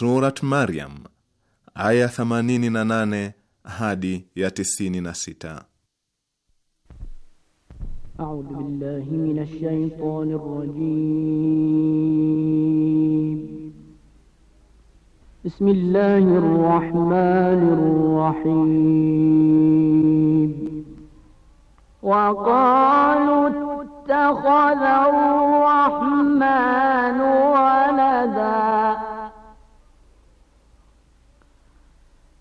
Surat Maryam aya 88 hadi ya 96.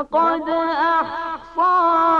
لقد أحصاهم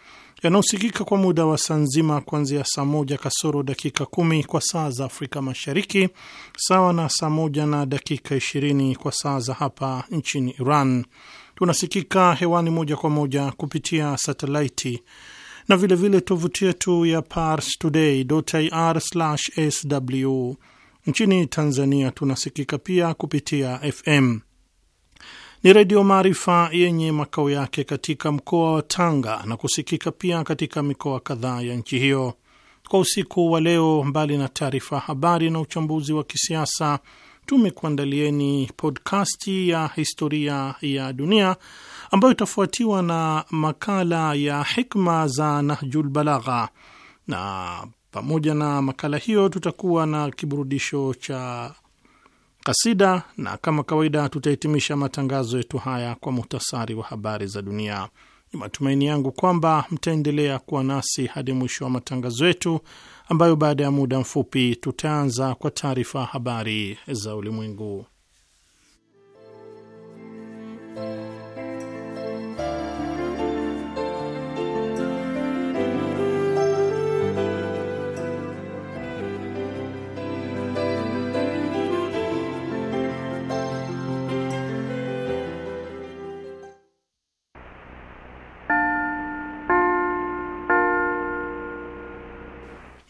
yanaosikika kwa muda wa saa nzima kuanzia saa moja kasoro dakika kumi kwa saa za Afrika Mashariki, sawa na saa moja na dakika ishirini kwa saa za hapa nchini Iran. Tunasikika hewani moja kwa moja kupitia satelaiti na vilevile tovuti yetu ya parstoday.ir/sw. Nchini Tanzania tunasikika pia kupitia FM ni redio Maarifa yenye makao yake katika mkoa wa Tanga na kusikika pia katika mikoa kadhaa ya nchi hiyo. Kwa usiku wa leo, mbali na taarifa ya habari na uchambuzi wa kisiasa, tumekuandalieni podkasti ya historia ya dunia ambayo itafuatiwa na makala ya hikma za Nahjul Balagha, na pamoja na makala hiyo tutakuwa na kiburudisho cha kasida, na kama kawaida tutahitimisha matangazo yetu haya kwa muhtasari wa habari za dunia. Ni matumaini yangu kwamba mtaendelea kuwa nasi hadi mwisho wa matangazo yetu, ambayo baada ya muda mfupi tutaanza kwa taarifa habari za ulimwengu.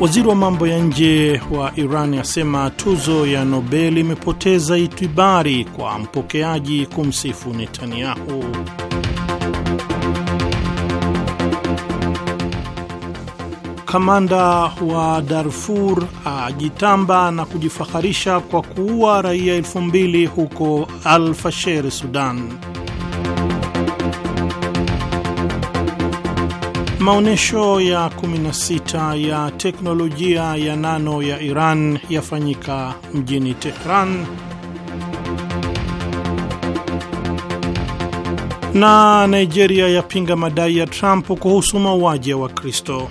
Waziri wa mambo ya nje wa Iran asema tuzo ya Nobel imepoteza itibari kwa mpokeaji kumsifu Netanyahu. Kamanda wa Darfur ajitamba na kujifaharisha kwa kuua raia elfu mbili huko Al Fasher, Sudan. Maonyesho ya 16 ya teknolojia ya nano ya Iran yafanyika mjini Tehran. Na Nigeria yapinga madai ya Trump kuhusu mauaji ya Wakristo.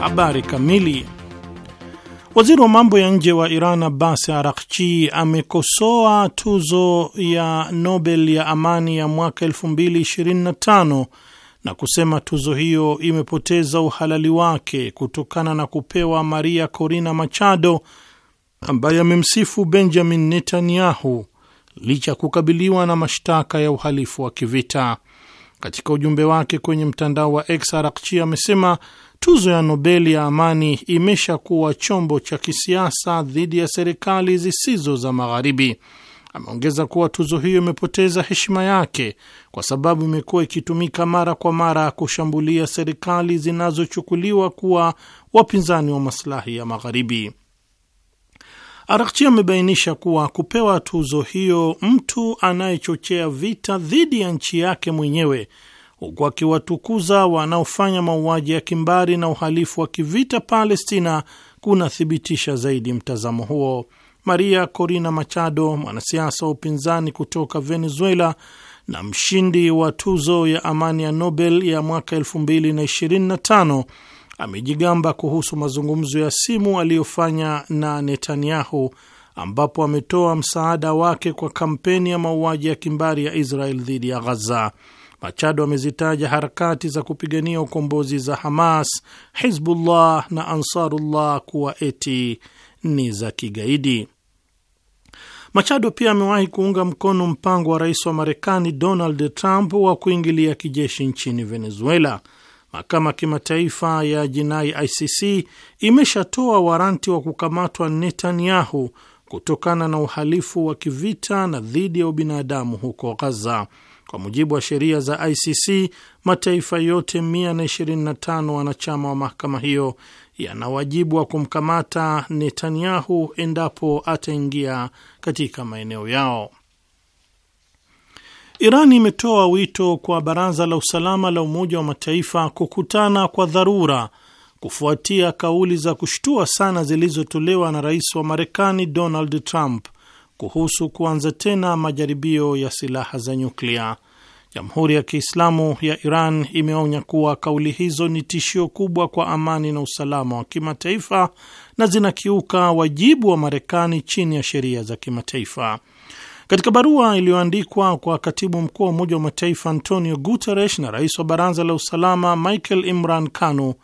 Habari kamili Waziri wa mambo ya nje wa Iran Abbas Arakchi amekosoa tuzo ya Nobel ya amani ya mwaka 2025 na kusema tuzo hiyo imepoteza uhalali wake kutokana na kupewa Maria Corina Machado ambaye amemsifu Benjamin Netanyahu licha ya kukabiliwa na mashtaka ya uhalifu wa kivita. Katika ujumbe wake kwenye mtandao wa X, Arakchi amesema Tuzo ya Nobeli ya amani imeshakuwa chombo cha kisiasa dhidi ya serikali zisizo za Magharibi. Ameongeza kuwa tuzo hiyo imepoteza heshima yake kwa sababu imekuwa ikitumika mara kwa mara kushambulia serikali zinazochukuliwa kuwa wapinzani wa maslahi ya Magharibi. Arakchi amebainisha kuwa kupewa tuzo hiyo mtu anayechochea vita dhidi ya nchi yake mwenyewe huku akiwatukuza wanaofanya mauaji ya kimbari na uhalifu wa kivita Palestina kunathibitisha zaidi mtazamo huo. Maria Corina Machado, mwanasiasa wa upinzani kutoka Venezuela na mshindi wa tuzo ya amani ya Nobel ya mwaka 2025 amejigamba kuhusu mazungumzo ya simu aliyofanya na Netanyahu, ambapo ametoa msaada wake kwa kampeni ya mauaji ya kimbari ya Israel dhidi ya Ghaza. Machado amezitaja harakati za kupigania ukombozi za Hamas, Hizbullah na Ansarullah kuwa eti ni za kigaidi. Machado pia amewahi kuunga mkono mpango wa rais wa Marekani Donald Trump wa kuingilia kijeshi nchini Venezuela. Mahakama kimataifa ya jinai ICC imeshatoa waranti wa kukamatwa Netanyahu kutokana na uhalifu wa kivita na dhidi ya ubinadamu huko Gaza. Kwa mujibu wa sheria za ICC, mataifa yote 125 wanachama wa mahakama hiyo yana wajibu wa kumkamata Netanyahu endapo ataingia katika maeneo yao. Iran imetoa wito kwa Baraza la Usalama la Umoja wa Mataifa kukutana kwa dharura kufuatia kauli za kushtua sana zilizotolewa na rais wa Marekani Donald Trump kuhusu kuanza tena majaribio ya silaha za nyuklia. Jamhuri ya Kiislamu ya Iran imeonya kuwa kauli hizo ni tishio kubwa kwa amani na usalama wa kimataifa na zinakiuka wajibu wa Marekani chini ya sheria za kimataifa. Katika barua iliyoandikwa kwa katibu mkuu wa Umoja wa Mataifa Antonio Guterres na rais wa Baraza la Usalama Michael Imran Kanu,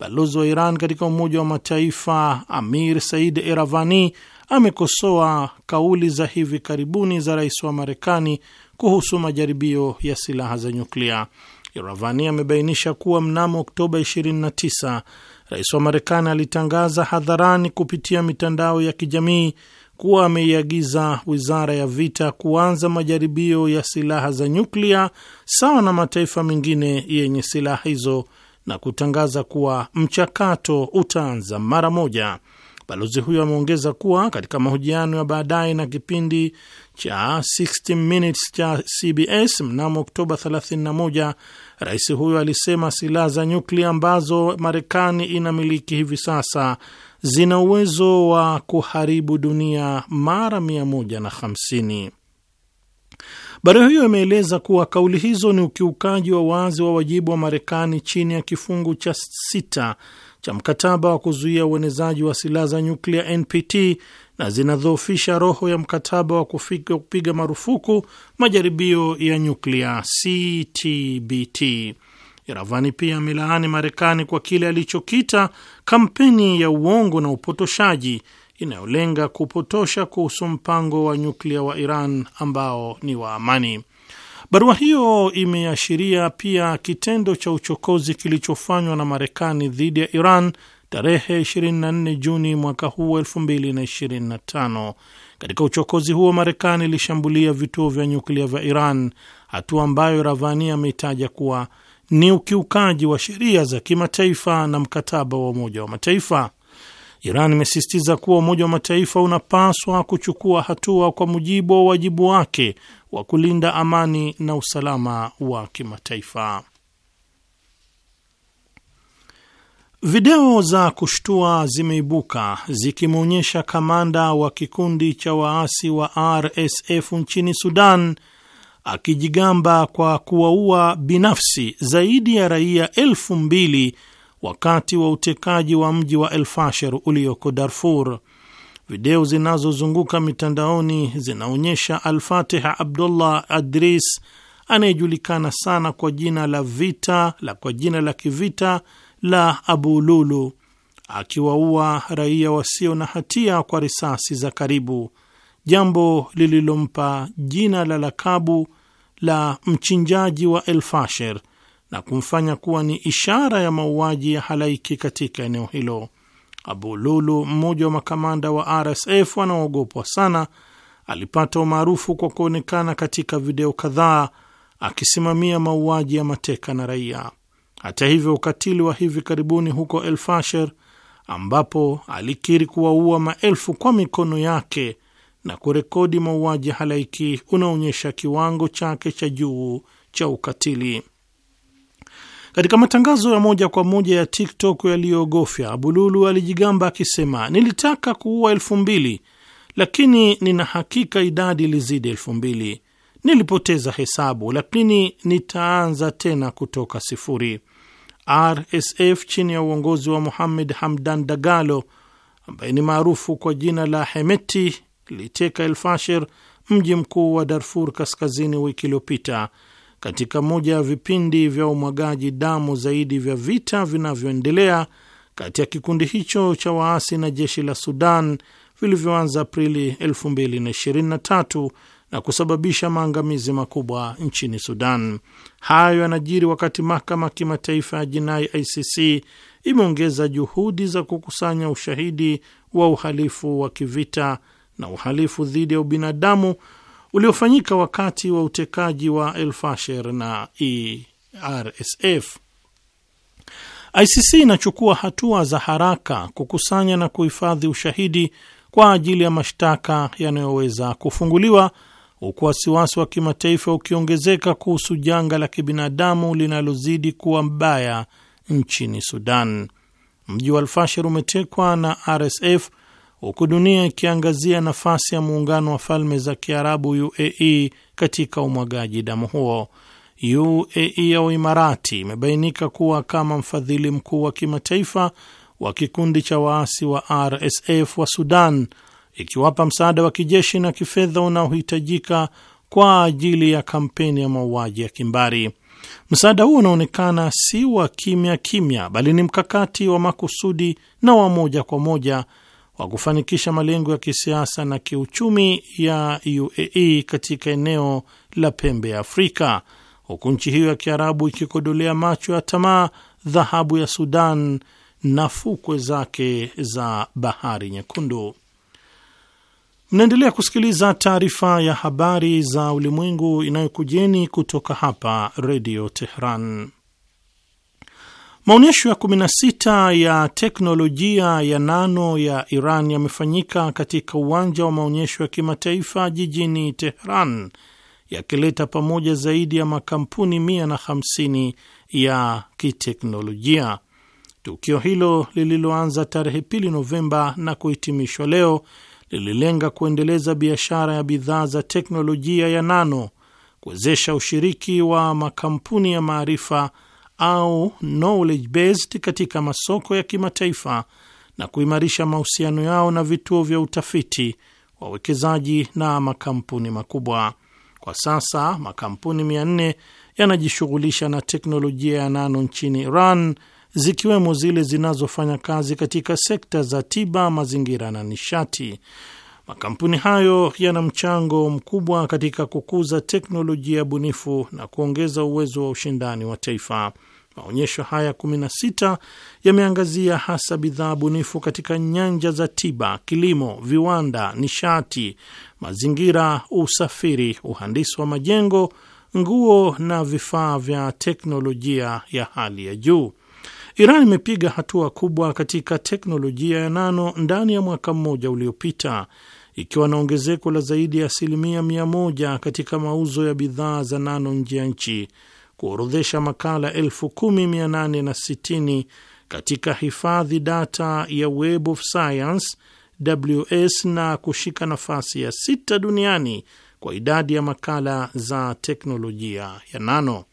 balozi wa Iran katika Umoja wa Mataifa Amir Said Eravani amekosoa kauli za hivi karibuni za rais wa Marekani kuhusu majaribio ya silaha za nyuklia. Iravani amebainisha kuwa mnamo Oktoba 29 rais wa Marekani alitangaza hadharani kupitia mitandao ya kijamii kuwa ameiagiza wizara ya vita kuanza majaribio ya silaha za nyuklia sawa na mataifa mengine yenye silaha hizo na kutangaza kuwa mchakato utaanza mara moja. Balozi huyo ameongeza kuwa katika mahojiano ya baadaye na kipindi cha 60 Minutes cha CBS mnamo Oktoba 31, rais huyo alisema silaha za nyuklia ambazo Marekani inamiliki hivi sasa zina uwezo wa kuharibu dunia mara 150. Barua hiyo imeeleza kuwa kauli hizo ni ukiukaji wa wazi wa wajibu wa Marekani chini ya kifungu cha sita cha mkataba wa kuzuia uenezaji wa silaha za nyuklia NPT na zinadhoofisha roho ya mkataba wa kufika kupiga marufuku majaribio ya nyuklia CTBT. Iravani pia amelaani Marekani kwa kile alichokita kampeni ya uongo na upotoshaji inayolenga kupotosha kuhusu mpango wa nyuklia wa Iran ambao ni wa amani. Barua hiyo imeashiria pia kitendo cha uchokozi kilichofanywa na Marekani dhidi ya Iran tarehe 24 Juni mwaka huu 2025. Katika uchokozi huo, Marekani ilishambulia vituo vya nyuklia vya Iran, hatua ambayo Ravani ameitaja kuwa ni ukiukaji wa sheria za kimataifa na mkataba wa Umoja wa Mataifa. Iran imesisitiza kuwa Umoja wa Mataifa unapaswa kuchukua hatua kwa mujibu wa wajibu wake wa kulinda amani na usalama wa kimataifa. Video za kushtua zimeibuka zikimwonyesha kamanda wa kikundi cha waasi wa RSF nchini Sudan akijigamba kwa kuwaua binafsi zaidi ya raia elfu mbili wakati wa utekaji wa mji wa elfasher ulioko Darfur. Video zinazozunguka mitandaoni zinaonyesha alfatih Abdullah Adris anayejulikana sana kwa jina la vita la kwa jina la kivita la Abu Lulu akiwaua raia wasio na hatia kwa risasi za karibu, jambo lililompa jina la lakabu la mchinjaji wa Elfasher Fasher na kumfanya kuwa ni ishara ya mauaji ya halaiki katika eneo hilo. Abu Lulu, mmoja wa makamanda wa RSF wanaoogopwa sana, alipata umaarufu kwa kuonekana katika video kadhaa akisimamia mauaji ya mateka na raia. Hata hivyo, ukatili wa hivi karibuni huko El Fasher, ambapo alikiri kuwaua maelfu kwa mikono yake na kurekodi mauaji halaiki, unaonyesha kiwango chake cha juu cha ukatili. Katika matangazo ya moja kwa moja ya TikTok yaliyogofya, Bululu alijigamba akisema, nilitaka kuua elfu mbili lakini nina hakika idadi ilizidi elfu mbili. Nilipoteza hesabu, lakini nitaanza tena kutoka sifuri. RSF chini ya uongozi wa muhammed Hamdan Dagalo ambaye ni maarufu kwa jina la Hemeti iliteka El mji mkuu wa Darfur Kaskazini, wiki iliyopita katika moja ya vipindi vya umwagaji damu zaidi vya vita vinavyoendelea kati ya kikundi hicho cha waasi na jeshi la Sudan vilivyoanza Aprili 2023 na kusababisha maangamizi makubwa nchini Sudan. Hayo yanajiri wakati mahakama kimataifa ya jinai ICC imeongeza juhudi za kukusanya ushahidi wa uhalifu wa kivita na uhalifu dhidi ya ubinadamu uliofanyika wakati wa utekaji wa Elfasher na e RSF. ICC inachukua hatua za haraka kukusanya na kuhifadhi ushahidi kwa ajili ya mashtaka yanayoweza kufunguliwa huku wasiwasi wa kimataifa ukiongezeka kuhusu janga la kibinadamu linalozidi kuwa mbaya nchini Sudan. Mji wa Alfashir umetekwa na RSF huku dunia ikiangazia nafasi ya muungano wa falme za Kiarabu UAE katika umwagaji damu huo. UAE au Imarati imebainika kuwa kama mfadhili mkuu wa kimataifa wa kikundi cha waasi wa RSF wa Sudan, ikiwapa msaada wa kijeshi na kifedha unaohitajika kwa ajili ya kampeni ya mauaji ya kimbari. Msaada huu unaonekana si wa kimya kimya, bali ni mkakati wa makusudi na wa moja kwa moja wa kufanikisha malengo ya kisiasa na kiuchumi ya UAE katika eneo la pembe ya Afrika, huku nchi hiyo ya Kiarabu ikikodolea macho ya tamaa dhahabu ya Sudan na fukwe zake za bahari nyekundu. Mnaendelea kusikiliza taarifa ya habari za ulimwengu inayokujeni kutoka hapa Redio Tehran. Maonyesho ya 16 ya teknolojia ya nano ya Iran yamefanyika katika uwanja wa maonyesho ya kimataifa jijini Tehran, yakileta pamoja zaidi ya makampuni 150 ya kiteknolojia. Tukio hilo lililoanza tarehe 2 Novemba na kuhitimishwa leo lililenga kuendeleza biashara ya bidhaa za teknolojia ya nano, kuwezesha ushiriki wa makampuni ya maarifa au knowledge based katika masoko ya kimataifa na kuimarisha mahusiano yao na vituo vya utafiti, wawekezaji na makampuni makubwa. Kwa sasa makampuni 400 yanajishughulisha na teknolojia ya nano nchini Iran, zikiwemo zile zinazofanya kazi katika sekta za tiba, mazingira na nishati. Makampuni hayo yana mchango mkubwa katika kukuza teknolojia bunifu na kuongeza uwezo wa ushindani wa taifa. Maonyesho haya 16 yameangazia hasa bidhaa bunifu katika nyanja za tiba, kilimo, viwanda, nishati, mazingira, usafiri, uhandisi wa majengo, nguo na vifaa vya teknolojia ya hali ya juu. Iran imepiga hatua kubwa katika teknolojia ya nano ndani ya mwaka mmoja uliopita ikiwa na ongezeko la zaidi ya asilimia mia moja katika mauzo ya bidhaa za nano nje ya nchi kuorodhesha makala sitini katika hifadhi data ya Web of Science WS na kushika nafasi ya sita duniani kwa idadi ya makala za teknolojia ya nano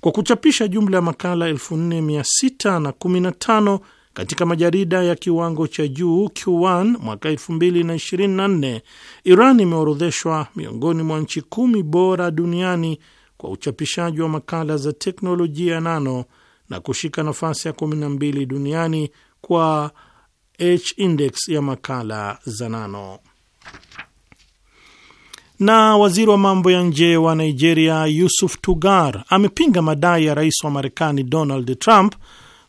kwa kuchapisha jumla ya makala 4615 katika majarida ya kiwango cha juu Q1 mwaka 2024, Iran imeorodheshwa miongoni mwa nchi kumi bora duniani kwa uchapishaji wa makala za teknolojia nano na kushika nafasi ya 12 duniani kwa H-index ya makala za nano. Na waziri wa mambo ya nje wa Nigeria Yusuf Tugar amepinga madai ya rais wa Marekani Donald Trump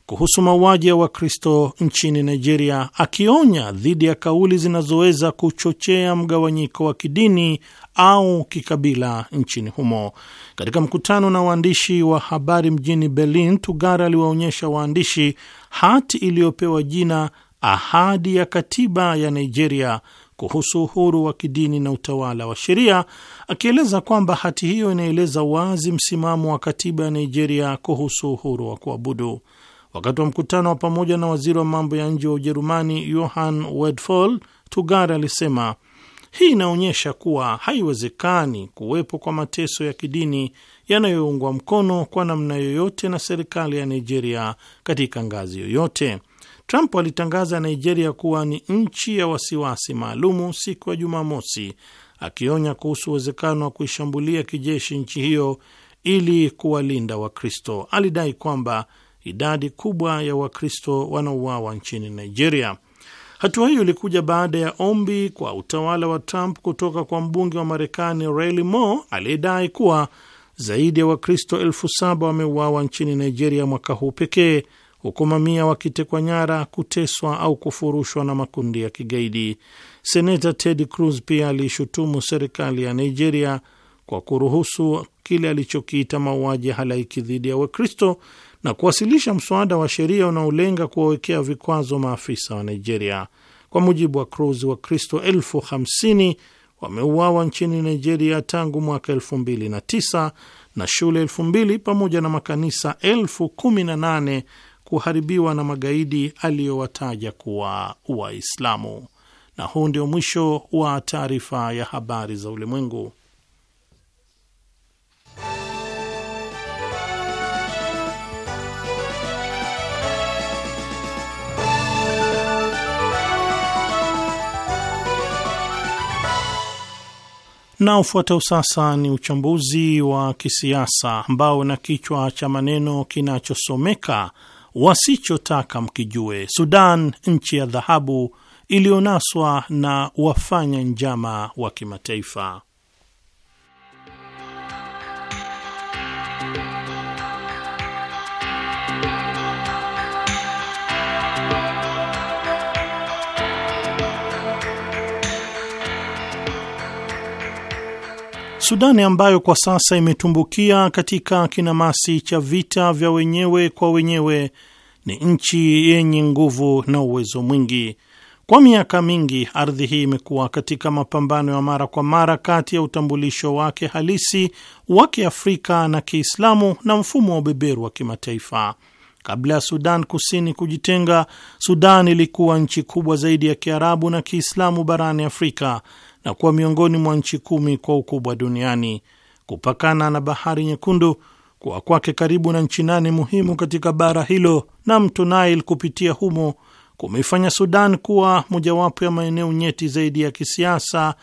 kuhusu mauaji ya Wakristo nchini Nigeria, akionya dhidi ya kauli zinazoweza kuchochea mgawanyiko wa kidini au kikabila nchini humo. Katika mkutano na waandishi wa habari mjini Berlin, Tugara aliwaonyesha waandishi hati iliyopewa jina Ahadi ya Katiba ya Nigeria kuhusu uhuru wa kidini na utawala wa sheria, akieleza kwamba hati hiyo inaeleza wazi msimamo wa katiba ya Nigeria kuhusu uhuru wa kuabudu. Wakati wa mkutano wa pamoja na waziri wa mambo ya nje wa Ujerumani Johann Wedfall, Tugar alisema hii inaonyesha kuwa haiwezekani kuwepo kwa mateso ya kidini yanayoungwa mkono kwa namna yoyote na serikali ya Nigeria katika ngazi yoyote. Trump alitangaza Nigeria kuwa ni nchi ya wasiwasi maalumu siku ya Jumamosi, akionya kuhusu uwezekano wa kuishambulia kijeshi nchi hiyo ili kuwalinda Wakristo. Alidai kwamba idadi kubwa ya Wakristo wanauawa nchini Nigeria. Hatua hiyo ilikuja baada ya ombi kwa utawala wa Trump kutoka kwa mbunge wa Marekani Raili Mo aliyedai kuwa zaidi ya Wakristo elfu saba wameuawa nchini Nigeria mwaka huu pekee, huku mamia wakitekwa nyara, kuteswa au kufurushwa na makundi ya kigaidi. senata Ted Cruz pia aliishutumu serikali ya Nigeria kwa kuruhusu kile alichokiita mauaji halaiki dhidi ya Wakristo na kuwasilisha mswada wa sheria unaolenga kuwawekea vikwazo maafisa wa Nigeria. Kwa mujibu wa Cruz, Wakristo elfu hamsini wameuawa nchini Nigeria tangu mwaka elfu mbili na tisa na shule elfu mbili pamoja na makanisa elfu kumi na nane kuharibiwa na magaidi aliyowataja kuwa Waislamu. Na huu ndio mwisho wa taarifa ya habari za ulimwengu. Na ufuatao sasa ni uchambuzi wa kisiasa ambao na kichwa cha maneno kinachosomeka wasichotaka mkijue, Sudan nchi ya dhahabu iliyonaswa na wafanya njama wa kimataifa. Sudani ambayo kwa sasa imetumbukia katika kinamasi cha vita vya wenyewe kwa wenyewe ni nchi yenye nguvu na uwezo mwingi. Kwa miaka mingi, ardhi hii imekuwa katika mapambano ya mara kwa mara kati ya utambulisho wake halisi wa Kiafrika na Kiislamu na mfumo wa ubeberu wa kimataifa. Kabla ya Sudan Kusini kujitenga, Sudan ilikuwa nchi kubwa zaidi ya Kiarabu na Kiislamu barani Afrika na kuwa miongoni mwa nchi kumi kwa ukubwa duniani, kupakana na bahari Nyekundu, kuwa kwake karibu na nchi nane muhimu katika bara hilo na mto Nile kupitia humo kumeifanya Sudan kuwa mojawapo ya maeneo nyeti zaidi ya kisiasa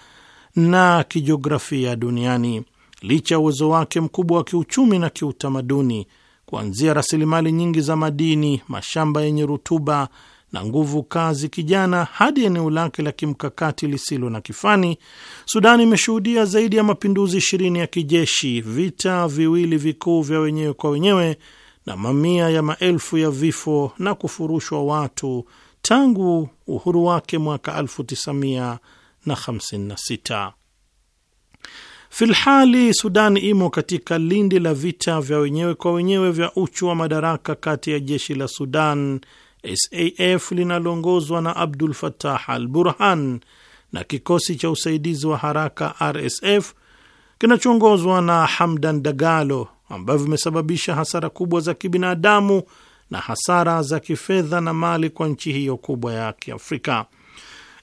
na kijiografia duniani. Licha ya uwezo wake mkubwa wa kiuchumi na kiutamaduni, kuanzia rasilimali nyingi za madini, mashamba yenye rutuba na nguvu kazi kijana hadi eneo lake la kimkakati lisilo na kifani, Sudani imeshuhudia zaidi ya mapinduzi ishirini ya kijeshi, vita viwili vikuu vya wenyewe kwa wenyewe na mamia ya maelfu ya vifo na kufurushwa watu tangu uhuru wake mwaka 1956. Filhali Sudani imo katika lindi la vita vya wenyewe kwa wenyewe vya uchu wa madaraka kati ya jeshi la Sudan SAF linaloongozwa na Abdul fatah al Burhan na kikosi cha usaidizi wa haraka RSF kinachoongozwa na Hamdan Dagalo ambavyo vimesababisha hasara kubwa za kibinadamu na hasara za kifedha na mali kwa nchi hiyo kubwa ya Kiafrika.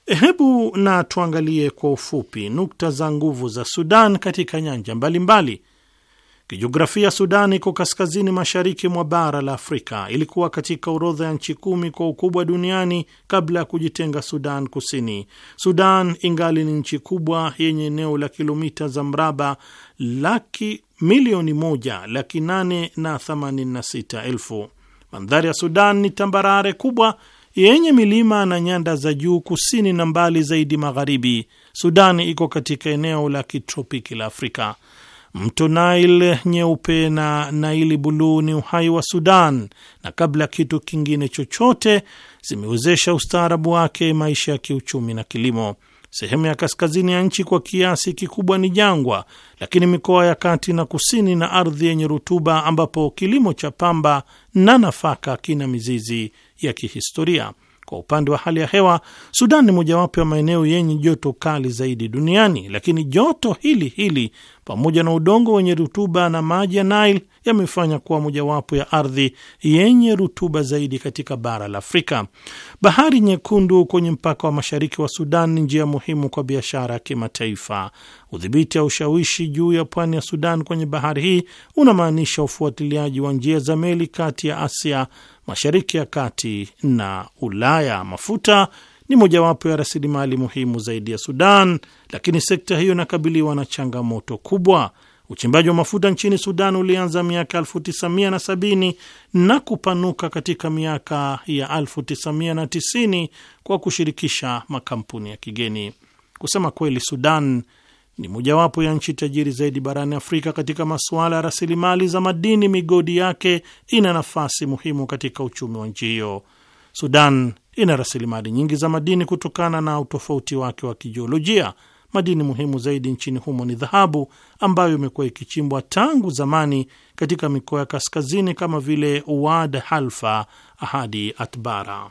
Eh, hebu na tuangalie kwa ufupi nukta za nguvu za Sudan katika nyanja mbalimbali mbali, Kijiografia, Sudan iko kaskazini mashariki mwa bara la Afrika. Ilikuwa katika orodha ya nchi kumi kwa ukubwa duniani kabla ya kujitenga Sudan Kusini. Sudan ingali ni nchi kubwa yenye eneo la kilomita za mraba laki milioni moja laki nane na themanini na sita elfu. Mandhari ya Sudan ni tambarare kubwa yenye milima na nyanda za juu kusini na mbali zaidi magharibi. Sudan iko katika eneo la kitropiki la Afrika. Mto Nile nyeupe na Naili buluu ni uhai wa Sudan, na kabla kitu kingine chochote zimewezesha ustaarabu wake maisha ya kiuchumi na kilimo. Sehemu ya kaskazini ya nchi kwa kiasi kikubwa ni jangwa, lakini mikoa ya kati na kusini na ardhi yenye rutuba, ambapo kilimo cha pamba na nafaka kina mizizi ya kihistoria. Kwa upande wa hali ya hewa, Sudan ni mojawapo ya maeneo yenye joto kali zaidi duniani, lakini joto hili hili pamoja na udongo wenye rutuba na maji ya Nile yamefanya kuwa mojawapo ya ardhi yenye rutuba zaidi katika bara la Afrika. Bahari Nyekundu kwenye mpaka wa mashariki wa Sudan ni njia muhimu kwa biashara ya kimataifa. Udhibiti au ushawishi juu ya pwani ya Sudan kwenye bahari hii unamaanisha ufuatiliaji wa njia za meli kati ya Asia Mashariki ya Kati na Ulaya. Mafuta ni mojawapo ya rasilimali muhimu zaidi ya Sudan, lakini sekta hiyo inakabiliwa na changamoto kubwa. Uchimbaji wa mafuta nchini Sudan ulianza miaka 1970 na kupanuka katika miaka ya 1990 kwa kushirikisha makampuni ya kigeni. Kusema kweli, Sudan ni mojawapo ya nchi tajiri zaidi barani Afrika katika masuala ya rasilimali za madini. Migodi yake ina nafasi muhimu katika uchumi wa nchi hiyo. Sudan ina rasilimali nyingi za madini kutokana na utofauti wake wa kijiolojia. Madini muhimu zaidi nchini humo ni dhahabu ambayo imekuwa ikichimbwa tangu zamani katika mikoa ya kaskazini kama vile Wad Halfa hadi Atbara.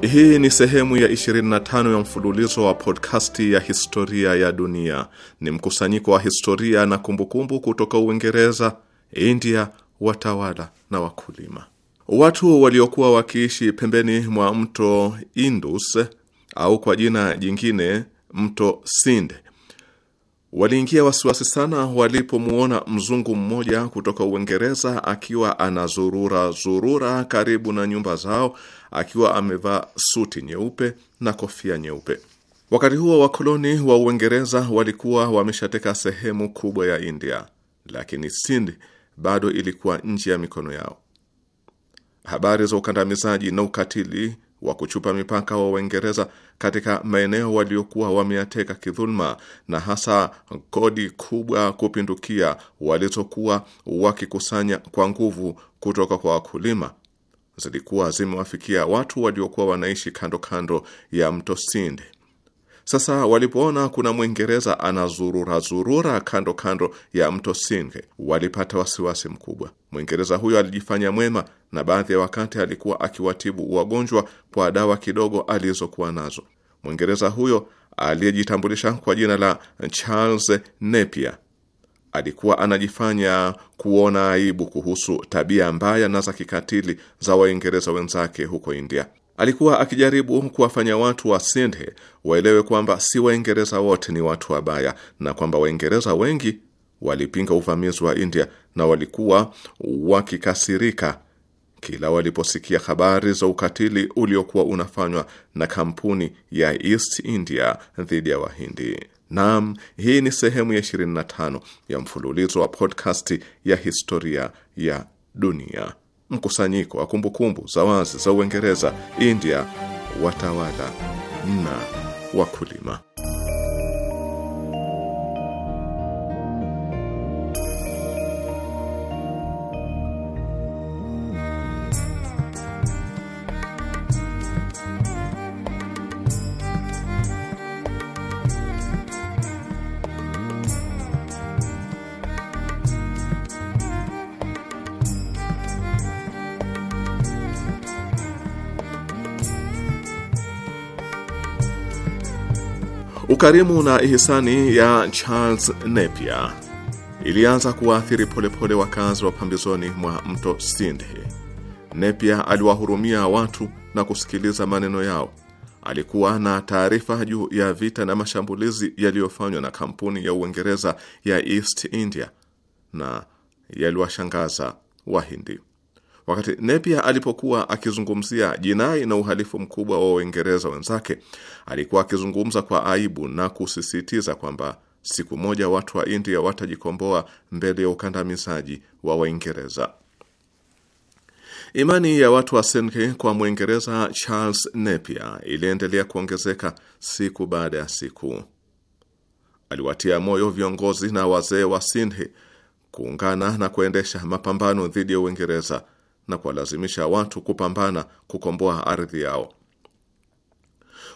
Hii ni sehemu ya 25 ya mfululizo wa podkasti ya historia ya dunia. Ni mkusanyiko wa historia na kumbukumbu kutoka Uingereza, India, watawala na wakulima. Watu waliokuwa wakiishi pembeni mwa mto Indus au kwa jina jingine mto sinde Waliingia wasiwasi sana walipomwona mzungu mmoja kutoka Uingereza akiwa anazurura zurura karibu na nyumba zao akiwa amevaa suti nyeupe na kofia nyeupe. Wakati huo wakoloni wa Uingereza walikuwa wameshateka sehemu kubwa ya India, lakini Sindh bado ilikuwa nje ya mikono yao. Habari za ukandamizaji na ukatili wa kuchupa mipaka wa Waingereza katika maeneo waliokuwa wameyateka kidhuluma na hasa kodi kubwa kupindukia walizokuwa wakikusanya kwa nguvu kutoka kwa wakulima zilikuwa zimewafikia watu waliokuwa wanaishi kando kando ya mto Sinde. Sasa walipoona kuna Mwingereza anazurura zurura kando kando ya mto Singe, walipata wasiwasi mkubwa. Mwingereza huyo alijifanya mwema na baadhi ya wakati alikuwa akiwatibu wagonjwa kwa dawa kidogo alizokuwa nazo. Mwingereza huyo aliyejitambulisha kwa jina la Charles Napier alikuwa anajifanya kuona aibu kuhusu tabia mbaya na za kikatili za Waingereza wenzake huko India. Alikuwa akijaribu kuwafanya watu wa sindhe waelewe kwamba si Waingereza wote ni watu wabaya na kwamba Waingereza wengi walipinga uvamizi wa India na walikuwa wakikasirika kila waliposikia habari za ukatili uliokuwa unafanywa na kampuni ya East India dhidi ya Wahindi. Naam, hii ni sehemu ya 25 ya mfululizo wa podcast ya historia ya dunia mkusanyiko wa kumbukumbu za wazi za Uingereza, India, watawala na wakulima. Ukarimu na ihisani ya Charles Napier ilianza kuwaathiri polepole wakazi wa pambizoni mwa mto Sindhi. Napier aliwahurumia watu na kusikiliza maneno yao. Alikuwa na taarifa juu ya vita na mashambulizi yaliyofanywa na kampuni ya Uingereza ya East India na yaliwashangaza Wahindi. Wakati Napier alipokuwa akizungumzia jinai na uhalifu mkubwa wa Waingereza wenzake, alikuwa akizungumza kwa aibu na kusisitiza kwamba siku moja watu wa India watajikomboa mbele ya ukandamizaji wa Waingereza. Imani ya watu wa Senke kwa Mwingereza Charles Napier iliendelea kuongezeka siku baada ya siku. Aliwatia moyo viongozi na wazee wa Sindhi kuungana na kuendesha mapambano dhidi ya Uingereza na kuwalazimisha watu kupambana kukomboa ardhi yao.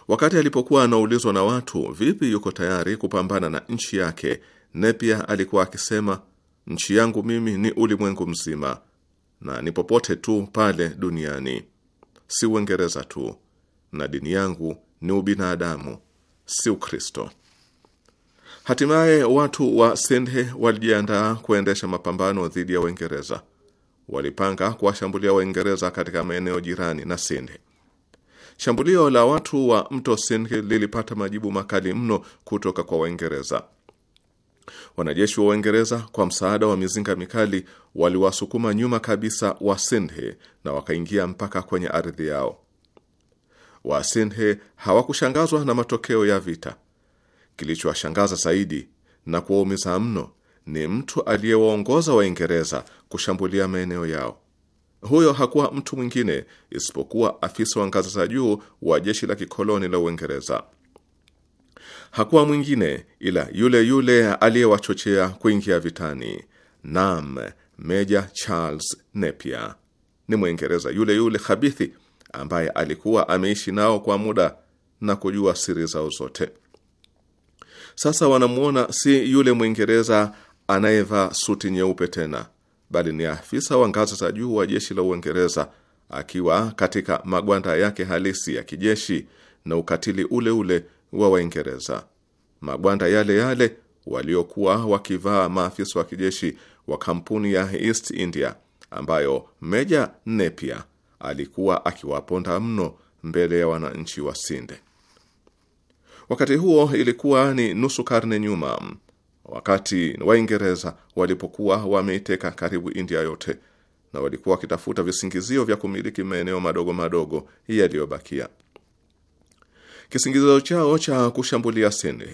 Wakati alipokuwa anaulizwa na watu vipi yuko tayari kupambana na nchi yake, Nepia alikuwa akisema, nchi yangu mimi ni ulimwengu mzima na ni popote tu pale duniani, si Uingereza tu, na dini yangu ni ubinadamu, si Ukristo. Hatimaye watu wa Sindhe walijiandaa kuendesha mapambano dhidi ya Uingereza walipanga kuwashambulia Waingereza katika maeneo jirani na Sindh. Shambulio la watu wa mto Sindh lilipata majibu makali mno kutoka kwa Waingereza. Wanajeshi wa Uingereza kwa msaada wa mizinga mikali waliwasukuma nyuma kabisa wa sindhe na wakaingia mpaka kwenye ardhi yao. Wasindhe hawakushangazwa na matokeo ya vita. Kilichowashangaza zaidi na kuwaumiza mno ni mtu aliyewaongoza Waingereza kushambulia maeneo yao. Huyo hakuwa mtu mwingine isipokuwa afisa wa ngazi za juu wa jeshi la kikoloni la Uingereza. Hakuwa mwingine ila yule yule aliyewachochea kuingia vitani. Naam, Meja Charles Napier ni Mwingereza yule yule khabithi ambaye alikuwa ameishi nao kwa muda na kujua siri zao zote. Sasa wanamwona si yule Mwingereza anayevaa suti nyeupe tena, bali ni afisa wa ngazi za juu wa jeshi la Uingereza akiwa katika magwanda yake halisi ya kijeshi na ukatili ule ule wa Waingereza, magwanda yale yale waliokuwa wakivaa maafisa wa kijeshi wa kampuni ya East India ambayo Meja Nepia alikuwa akiwaponda mno mbele ya wananchi wa Sinde. Wakati huo ilikuwa ni nusu karne nyuma wakati Waingereza walipokuwa wameiteka karibu India yote na walikuwa wakitafuta visingizio vya kumiliki maeneo madogo madogo yaliyobakia. Kisingizio chao cha kushambulia Sindh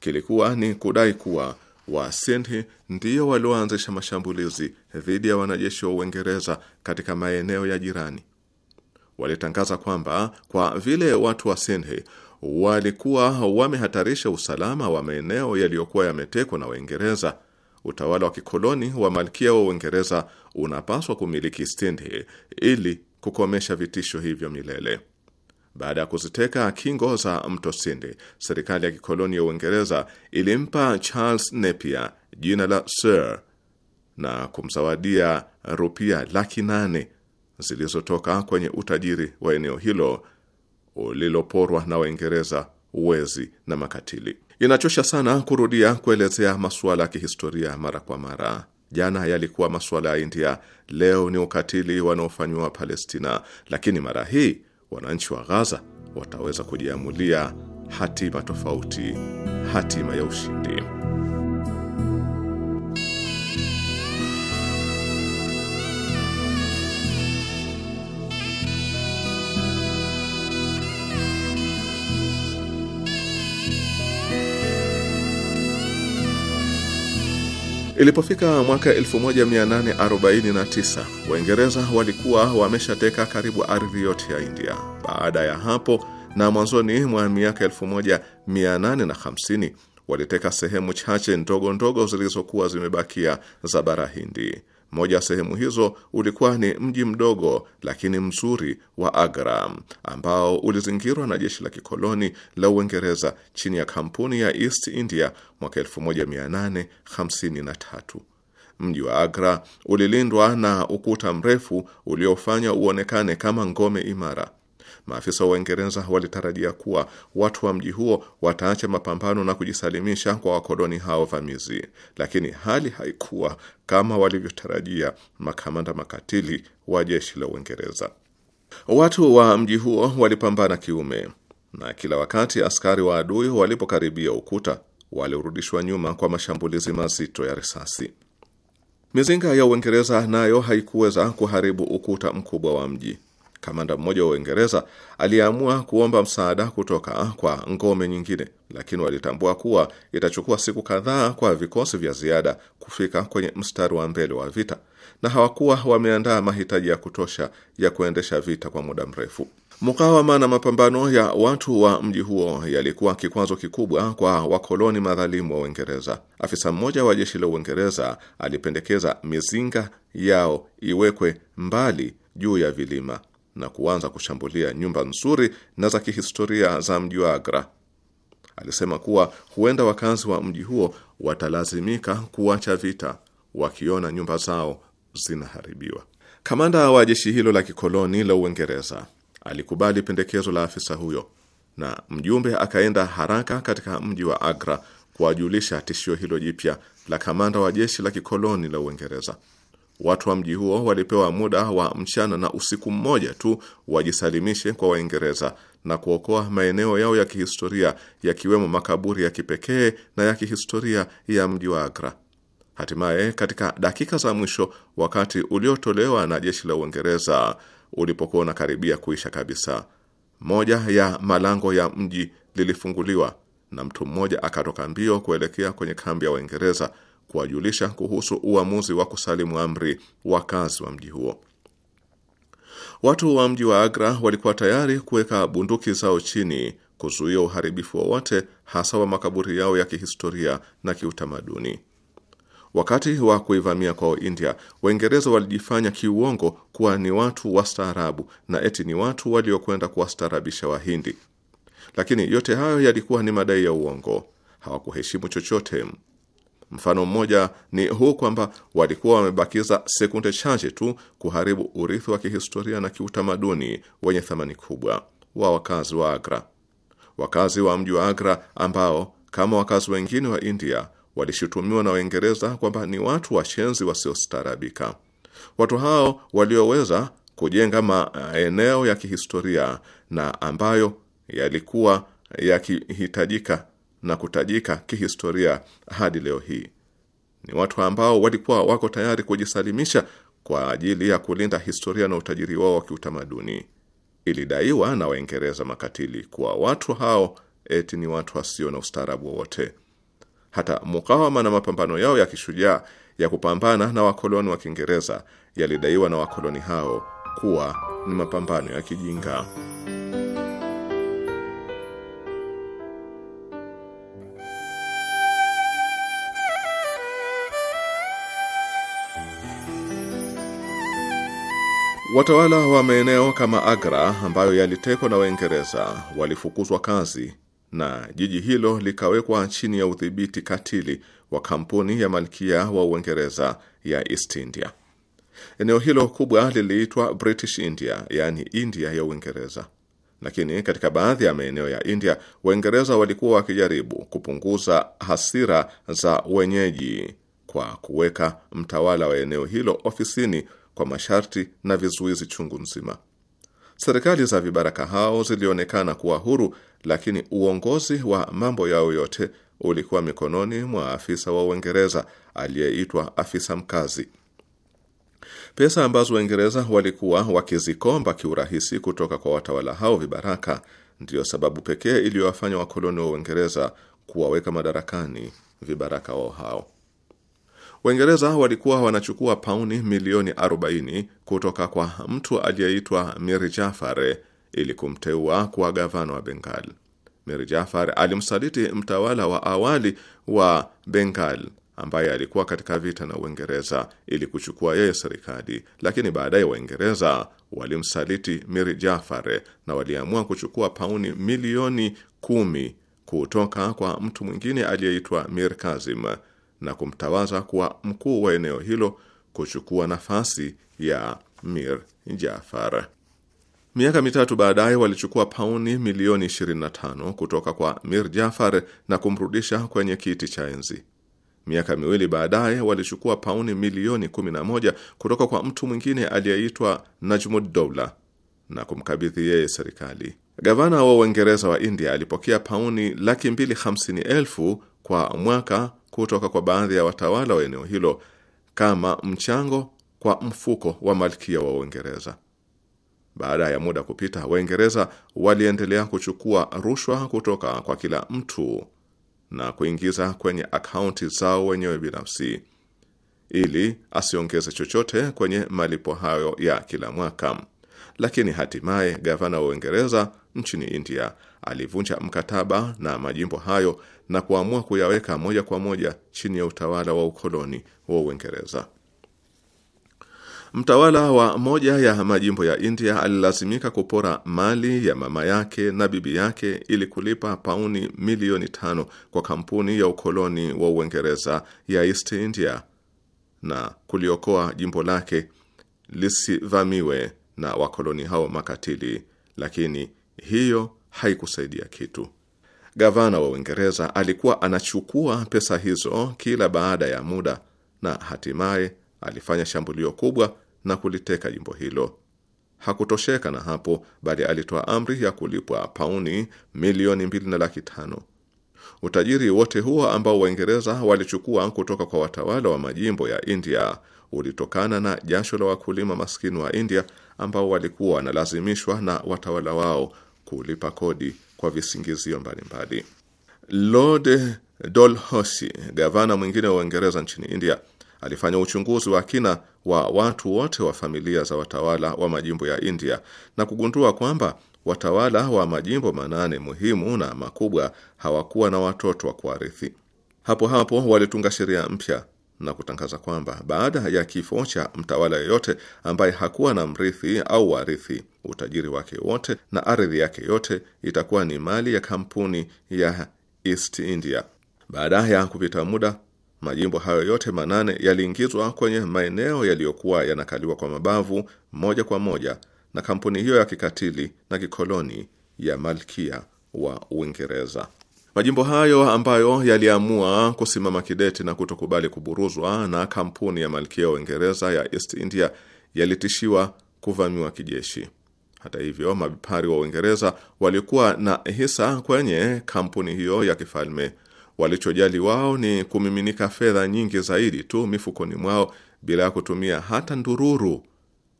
kilikuwa ni kudai kuwa Wasindh ndiyo walioanzisha mashambulizi dhidi ya wanajeshi wa Uingereza katika maeneo ya jirani. Walitangaza kwamba kwa vile watu wa Sindh walikuwa wamehatarisha usalama wa maeneo yaliyokuwa yametekwa na Waingereza, utawala wa kikoloni wa malkia wa Uingereza unapaswa kumiliki Sindhi ili kukomesha vitisho hivyo milele. Baada ya kuziteka kingo za mto Sindi, serikali ya kikoloni ya Uingereza ilimpa Charles Napier jina la Sir na kumzawadia rupia laki nane zilizotoka kwenye utajiri wa eneo hilo uliloporwa na Waingereza, wezi na makatili. Inachosha sana kurudia kuelezea masuala ya kihistoria mara kwa mara. Jana yalikuwa masuala ya India, leo ni ukatili wanaofanywa Palestina, lakini mara hii wananchi wa Gaza wataweza kujiamulia hatima tofauti, hatima ya ushindi. Ilipofika mwaka 1849 Waingereza walikuwa wameshateka karibu ardhi yote ya India. Baada ya hapo na mwanzoni mwa miaka 1850 waliteka sehemu chache ndogo ndogo zilizokuwa zimebakia za bara Hindi. Moja ya sehemu hizo ulikuwa ni mji mdogo lakini mzuri wa Agra ambao ulizingirwa na jeshi la kikoloni la Uingereza chini ya kampuni ya East India mwaka 1853. Mji wa Agra ulilindwa na ukuta mrefu uliofanya uonekane kama ngome imara. Maafisa wa Uingereza walitarajia kuwa watu wa mji huo wataacha mapambano na kujisalimisha kwa wakoloni hao vamizi, lakini hali haikuwa kama walivyotarajia makamanda makatili wa jeshi la Uingereza. Watu wa mji huo walipambana kiume, na kila wakati askari wa adui walipokaribia ukuta walirudishwa nyuma kwa mashambulizi mazito ya risasi. Mizinga ya Uingereza nayo haikuweza kuharibu ukuta mkubwa wa mji. Kamanda mmoja wa Uingereza aliamua kuomba msaada kutoka kwa ngome nyingine, lakini walitambua kuwa itachukua siku kadhaa kwa vikosi vya ziada kufika kwenye mstari wa mbele wa vita na hawakuwa wameandaa mahitaji ya kutosha ya kuendesha vita kwa muda mrefu. Mukawama na mapambano ya watu wa mji huo yalikuwa kikwazo kikubwa kwa wakoloni madhalimu wa Uingereza. Afisa mmoja wa jeshi la Uingereza alipendekeza mizinga yao iwekwe mbali juu ya vilima na kuanza kushambulia nyumba nzuri na za kihistoria za mji wa Agra. Alisema kuwa huenda wakazi wa mji huo watalazimika kuacha vita wakiona nyumba zao zinaharibiwa. Kamanda wa jeshi hilo la kikoloni la Uingereza alikubali pendekezo la afisa huyo na mjumbe akaenda haraka katika mji wa Agra kuwajulisha tishio hilo jipya la kamanda wa jeshi la kikoloni la Uingereza. Watu wa mji huo walipewa muda wa mchana na usiku mmoja tu wajisalimishe kwa Waingereza na kuokoa maeneo yao ya kihistoria yakiwemo makaburi ya kipekee na ya kihistoria ya mji wa Agra. Hatimaye, katika dakika za mwisho, wakati uliotolewa na jeshi la Uingereza ulipokuwa unakaribia kuisha kabisa, moja ya malango ya mji lilifunguliwa na mtu mmoja akatoka mbio kuelekea kwenye kambi ya Waingereza kuwajulisha kuhusu uamuzi wa kusalimu amri wakazi wa mji huo. Watu wa mji wa Agra walikuwa tayari kuweka bunduki zao chini kuzuia uharibifu wowote, hasa wa makaburi yao ya kihistoria na kiutamaduni. Wakati wa kuivamia kwa India, Waingereza walijifanya kiuongo kuwa ni watu wastaarabu na eti ni watu waliokwenda kuwastaarabisha Wahindi, lakini yote hayo yalikuwa ni madai ya uongo. Hawakuheshimu chochote Mfano mmoja ni huu kwamba walikuwa wamebakiza sekunde chache tu kuharibu urithi wa kihistoria na kiutamaduni wenye thamani kubwa wa wakazi wa Agra. Wakazi wa mji wa Agra ambao kama wakazi wengine wa India walishutumiwa na Waingereza kwamba ni watu washenzi wasiostaarabika. Watu hao walioweza kujenga maeneo ya kihistoria na ambayo yalikuwa yakihitajika na kutajika kihistoria hadi leo hii. Ni watu ambao walikuwa wako tayari kujisalimisha kwa ajili ya kulinda historia na utajiri wao wa kiutamaduni. Ilidaiwa na Waingereza makatili kuwa watu hao eti ni watu wasio na ustaarabu wowote. Hata mukawama na mapambano yao ya kishujaa ya kupambana na wakoloni wa Kiingereza yalidaiwa na wakoloni hao kuwa ni mapambano ya kijinga. Watawala wa maeneo kama Agra ambayo yalitekwa na Waingereza walifukuzwa kazi na jiji hilo likawekwa chini ya udhibiti katili wa kampuni ya malkia wa Uingereza ya East India. Eneo hilo kubwa liliitwa British India, yaani India ya Uingereza. Lakini katika baadhi ya maeneo ya India, Waingereza walikuwa wakijaribu kupunguza hasira za wenyeji kwa kuweka mtawala wa eneo hilo ofisini kwa masharti na vizuizi chungu nzima. Serikali za vibaraka hao zilionekana kuwa huru, lakini uongozi wa mambo yao yote ulikuwa mikononi mwa afisa wa Uingereza aliyeitwa afisa mkazi. Pesa ambazo Waingereza walikuwa wakizikomba kiurahisi kutoka kwa watawala hao vibaraka ndiyo sababu pekee iliyowafanya wakoloni wa Uingereza kuwaweka madarakani vibaraka wao hao. Waingereza walikuwa wanachukua pauni milioni 40 kutoka kwa mtu aliyeitwa Mir jafare ili kumteua kuwa gavana wa Bengal. Mir Jafar alimsaliti mtawala wa awali wa Bengal ambaye alikuwa katika vita na Uingereza ili kuchukua yeye serikali, lakini baadaye Waingereza walimsaliti Mir Jafar na waliamua kuchukua pauni milioni kumi kutoka kwa mtu mwingine aliyeitwa Mir Kazim na kumtawaza kuwa mkuu wa eneo hilo kuchukua nafasi ya Mir Jafar. Miaka mitatu baadaye walichukua pauni milioni 25 kutoka kwa Mir Jafar na kumrudisha kwenye kiti cha enzi. Miaka miwili baadaye walichukua pauni milioni 11 kutoka kwa mtu mwingine aliyeitwa Najmuddoula na kumkabidhi yeye serikali. Gavana wa Uingereza wa India alipokea pauni laki mbili hamsini elfu kwa mwaka kutoka kwa baadhi ya watawala wa eneo hilo kama mchango kwa mfuko wa malkia wa Uingereza. Baada ya muda kupita, Waingereza waliendelea kuchukua rushwa kutoka kwa kila mtu na kuingiza kwenye akaunti zao wenyewe binafsi ili asiongeze chochote kwenye malipo hayo ya kila mwaka. Lakini hatimaye gavana wa Uingereza nchini India alivunja mkataba na majimbo hayo na kuamua kuyaweka moja kwa moja chini ya utawala wa ukoloni wa Uingereza. Mtawala wa moja ya majimbo ya India alilazimika kupora mali ya mama yake na bibi yake ili kulipa pauni milioni tano kwa kampuni ya ukoloni wa Uingereza ya East India na kuliokoa jimbo lake lisivamiwe na wakoloni hao makatili, lakini hiyo haikusaidia kitu. Gavana wa Uingereza alikuwa anachukua pesa hizo kila baada ya muda, na hatimaye alifanya shambulio kubwa na kuliteka jimbo hilo. Hakutosheka na hapo, bali alitoa amri ya kulipwa pauni milioni mbili na laki tano. Utajiri wote huo ambao Waingereza walichukua kutoka kwa watawala wa majimbo ya India ulitokana na jasho la wakulima maskini wa India ambao walikuwa wanalazimishwa na watawala wao kulipa kodi kwa visingizio mbalimbali. Lord dolhosi gavana mwingine wa Uingereza nchini India, alifanya uchunguzi wa kina wa watu wote wa familia za watawala wa majimbo ya India na kugundua kwamba watawala wa majimbo manane muhimu na makubwa hawakuwa na watoto wa kuarithi. Hapo hapo walitunga sheria mpya na kutangaza kwamba baada ya kifo cha mtawala yoyote ambaye hakuwa na mrithi au warithi, utajiri wake wote na ardhi yake yote itakuwa ni mali ya kampuni ya East India. Baada ya kupita muda, majimbo hayo yote manane yaliingizwa kwenye maeneo yaliyokuwa yanakaliwa kwa mabavu moja kwa moja na kampuni hiyo ya kikatili na kikoloni ya Malkia wa Uingereza. Majimbo hayo ambayo yaliamua kusimama kidete na kutokubali kuburuzwa na kampuni ya Malkia wa Uingereza ya East India yalitishiwa kuvamiwa kijeshi. Hata hivyo, mabipari wa Uingereza walikuwa na hisa kwenye kampuni hiyo ya kifalme. Walichojali wao ni kumiminika fedha nyingi zaidi tu mifukoni mwao bila ya kutumia hata ndururu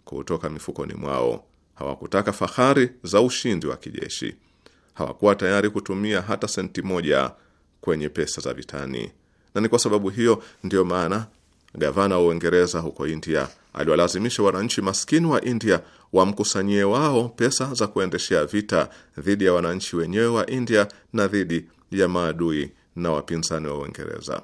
kutoka mifukoni mwao. Hawakutaka fahari za ushindi wa kijeshi hawakuwa tayari kutumia hata senti moja kwenye pesa za vitani, na ni kwa sababu hiyo ndiyo maana gavana wa Uingereza huko India aliwalazimisha wananchi maskini wa India wamkusanyie wao pesa za kuendeshea vita dhidi ya wananchi wenyewe wa India na dhidi ya maadui na wapinzani wa Uingereza.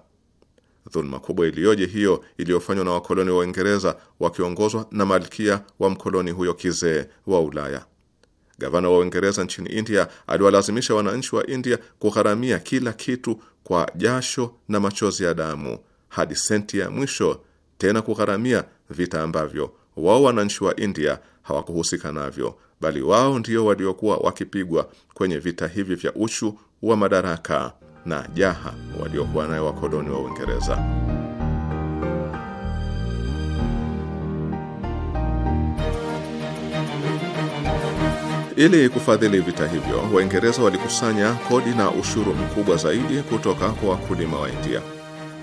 Dhuluma kubwa iliyoje hiyo iliyofanywa na wakoloni wa Uingereza wakiongozwa na malkia wa mkoloni huyo kizee wa Ulaya. Gavana wa Uingereza nchini India aliwalazimisha wananchi wa India kugharamia kila kitu kwa jasho na machozi ya damu hadi senti ya mwisho, tena kugharamia vita ambavyo wao wananchi wa India hawakuhusika navyo, bali wao ndio waliokuwa wakipigwa kwenye vita hivi vya uchu wa madaraka na jaha waliokuwa nayo wakoloni wa Uingereza. Ili kufadhili vita hivyo, Waingereza walikusanya kodi na ushuru mkubwa zaidi kutoka kwa wakulima wa India.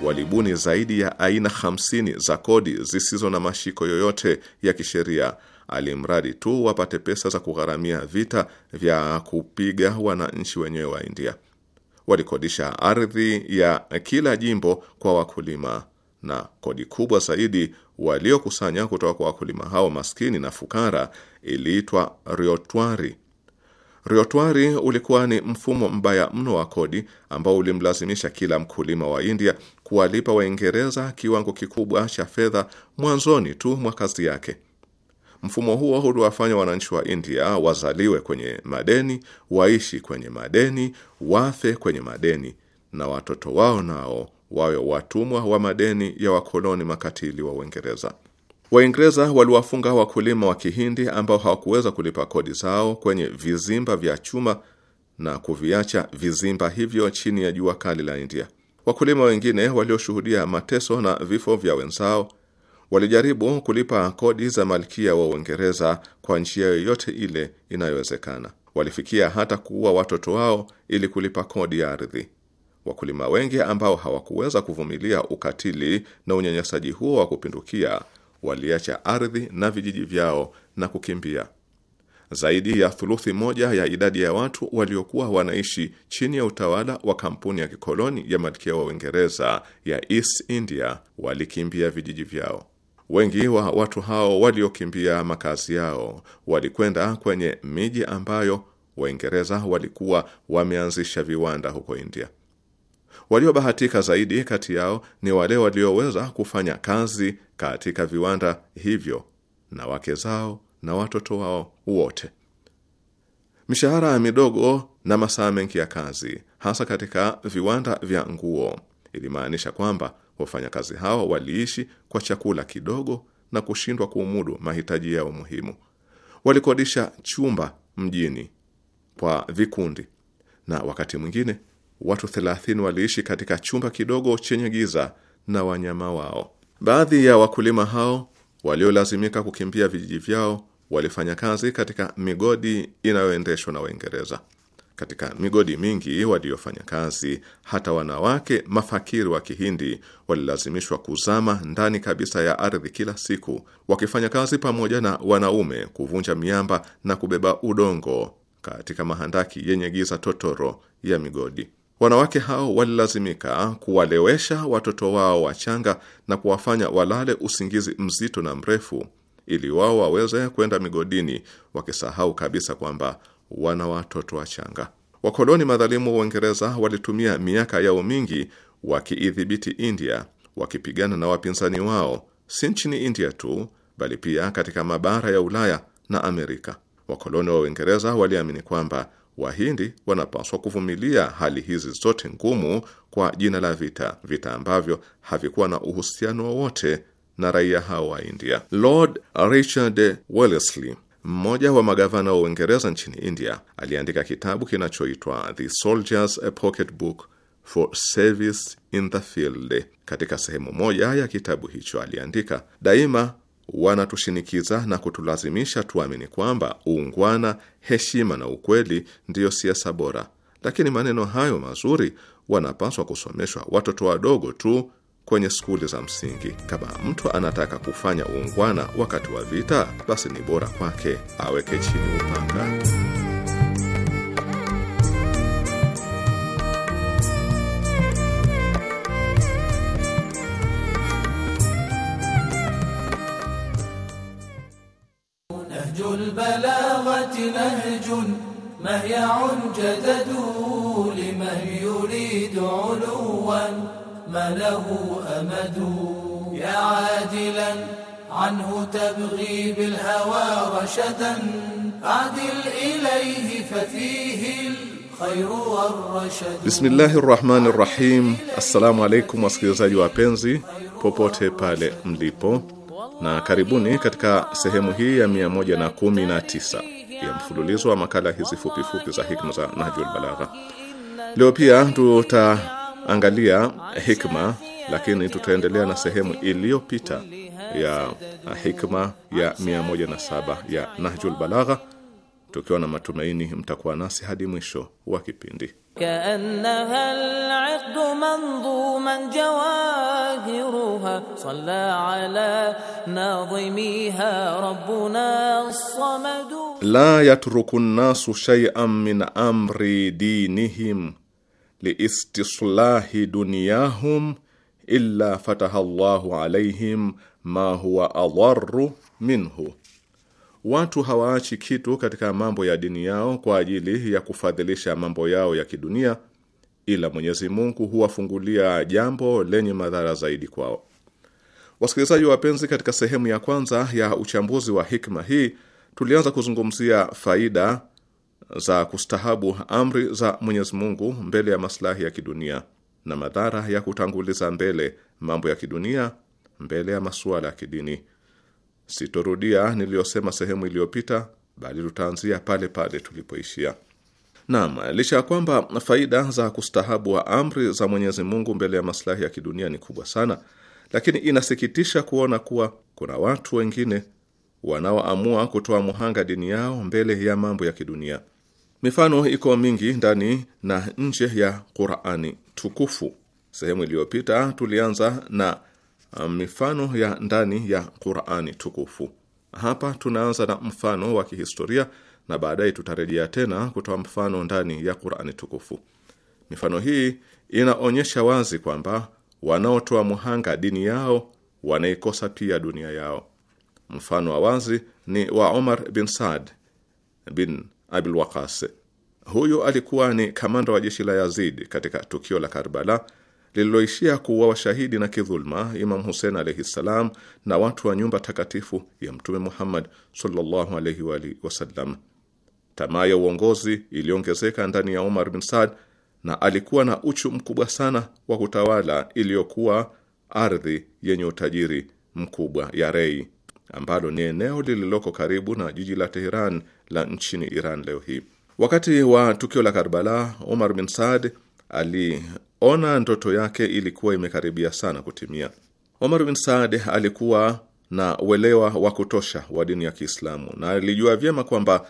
Walibuni zaidi ya aina 50 za kodi zisizo na mashiko yoyote ya kisheria, alimradi tu wapate pesa za kugharamia vita vya kupiga wananchi wenyewe wa India. Walikodisha ardhi ya kila jimbo kwa wakulima, na kodi kubwa zaidi waliokusanya kutoka kwa wakulima hao maskini na fukara iliitwa riotwari. Riotwari ulikuwa ni mfumo mbaya mno wa kodi ambao ulimlazimisha kila mkulima wa India kuwalipa Waingereza kiwango kikubwa cha fedha mwanzoni tu mwa kazi yake. Mfumo huo uliwafanya wananchi wa India wazaliwe kwenye madeni, waishi kwenye madeni, wafe kwenye madeni, na watoto wao nao wawe watumwa wa madeni ya wakoloni makatili wa Uingereza. Waingereza waliwafunga wakulima wa Kihindi ambao hawakuweza kulipa kodi zao kwenye vizimba vya chuma na kuviacha vizimba hivyo chini ya jua kali la India. Wakulima wengine walioshuhudia mateso na vifo vya wenzao walijaribu kulipa kodi za malkia wa Uingereza kwa njia yoyote ile inayowezekana. Walifikia hata kuua watoto wao ili kulipa kodi ya ardhi wakulima wengi ambao hawakuweza kuvumilia ukatili na unyanyasaji huo wa kupindukia waliacha ardhi na vijiji vyao na kukimbia. Zaidi ya thuluthi moja ya idadi ya watu waliokuwa wanaishi chini ya utawala wa kampuni ya kikoloni ya malkia wa Uingereza ya East India walikimbia vijiji vyao. Wengi wa watu hao waliokimbia makazi yao walikwenda kwenye miji ambayo Waingereza walikuwa wameanzisha viwanda huko India. Waliobahatika zaidi kati yao ni wale walioweza kufanya kazi katika viwanda hivyo na wake zao na watoto wao wote. Mishahara midogo na masaa mengi ya kazi, hasa katika viwanda vya nguo, ilimaanisha kwamba wafanyakazi hao waliishi kwa chakula kidogo na kushindwa kuumudu mahitaji yao muhimu. Walikodisha chumba mjini kwa vikundi na wakati mwingine watu 30 waliishi katika chumba kidogo chenye giza na wanyama wao. Baadhi ya wakulima hao waliolazimika kukimbia vijiji vyao walifanya kazi katika migodi inayoendeshwa na Waingereza. Katika migodi mingi waliofanya kazi, hata wanawake mafakiri wa Kihindi walilazimishwa kuzama ndani kabisa ya ardhi kila siku, wakifanya kazi pamoja na wanaume kuvunja miamba na kubeba udongo katika mahandaki yenye giza totoro ya migodi. Wanawake hao walilazimika kuwalewesha watoto wao wachanga na kuwafanya walale usingizi mzito na mrefu ili wao waweze kwenda migodini, wakisahau kabisa kwamba wana watoto wachanga. Wakoloni madhalimu wa Uingereza walitumia miaka yao mingi wakiidhibiti India, wakipigana na wapinzani wao, si nchini India tu, bali pia katika mabara ya Ulaya na Amerika. Wakoloni wa Uingereza waliamini kwamba Wahindi wanapaswa kuvumilia hali hizi zote ngumu kwa jina la vita, vita ambavyo havikuwa na uhusiano wowote na raia hao wa India. Lord Richard Wellesley, mmoja wa magavana wa Uingereza nchini India, aliandika kitabu kinachoitwa The Soldier's Pocket Book for Service in the Field. Katika sehemu moja ya kitabu hicho aliandika, daima wanatushinikiza na kutulazimisha tuamini kwamba uungwana, heshima na ukweli ndiyo siasa bora, lakini maneno hayo mazuri wanapaswa kusomeshwa watoto wadogo tu kwenye skuli za msingi. Kama mtu anataka kufanya uungwana wakati wa vita, basi ni bora kwake aweke chini upanga. مهيع جدد لمن يريد علوا ما له أمد يا عادلا عنه تبغي بالهوى رشدا عدل إليه ففيه الخير والرشد بسم الله الرحمن الرحيم السلام عليكم wasikilizaji wapenzi popote pale mlipo na karibuni katika sehemu hii ya 119 ya mfululizo wa makala hizi fupifupi za hikma za Nahjul Balagha. Leo pia tutaangalia hikma, lakini tutaendelea na sehemu iliyopita ya hikma ya 107 ya Nahjul Balagha, tukiwa na matumaini mtakuwa nasi hadi mwisho wa kipindi. rabbuna la yatruku nnasu shaian min amri dinihim liistislahi dunyahum illa fataha llahu alaihim ma huwa adharu minhu, watu hawaachi kitu katika mambo ya dini yao kwa ajili ya kufadhilisha mambo yao ya kidunia, ila Mwenyezi Mungu huwafungulia jambo lenye madhara zaidi kwao. Wasikilizaji wapenzi, katika sehemu ya kwanza ya uchambuzi wa hikma hii tulianza kuzungumzia faida za kustahabu amri za Mwenyezi Mungu mbele ya maslahi ya kidunia na madhara ya kutanguliza mbele mambo ya kidunia mbele ya masuala ya kidini. Sitorudia niliyosema sehemu iliyopita, bali tutaanzia pale pale tulipoishia. Naam, licha ya kwamba faida za kustahabu wa amri za Mwenyezi Mungu mbele ya maslahi ya kidunia ni kubwa sana, lakini inasikitisha kuona kuwa kuna watu wengine wanaoamua kutoa muhanga dini yao mbele ya mambo ya kidunia. Mifano iko mingi ndani na nje ya Qur'ani tukufu. Sehemu iliyopita tulianza na um, mifano ya ndani ya Qur'ani tukufu. Hapa tunaanza na mfano wa kihistoria na baadaye tutarejea tena kutoa mfano ndani ya Qur'ani tukufu. Mifano hii inaonyesha wazi kwamba wanaotoa muhanga dini yao wanaikosa pia dunia yao. Mfano wa wazi ni wa Omar bin Saad bin Abil Waqas. Huyu alikuwa ni kamanda wa jeshi la yazid katika tukio la Karbala lililoishia kuwa washahidi na kidhulma Imam Hussein alayhi salam na watu wa nyumba takatifu ya Mtume Muhammad sallallahu alayhi wa alihi wasallam. Tamaa ya uongozi iliongezeka ndani ya Omar bin Saad na alikuwa na uchu mkubwa sana wa kutawala iliyokuwa ardhi yenye utajiri mkubwa ya Rei ambalo ni eneo lililoko karibu na jiji la Teheran la nchini Iran leo hii. Wakati wa tukio la Karbala, Omar bin Saad aliona ndoto yake ilikuwa imekaribia sana kutimia. Omar bin Saad alikuwa na uelewa wa kutosha wa dini ya Kiislamu na alijua vyema kwamba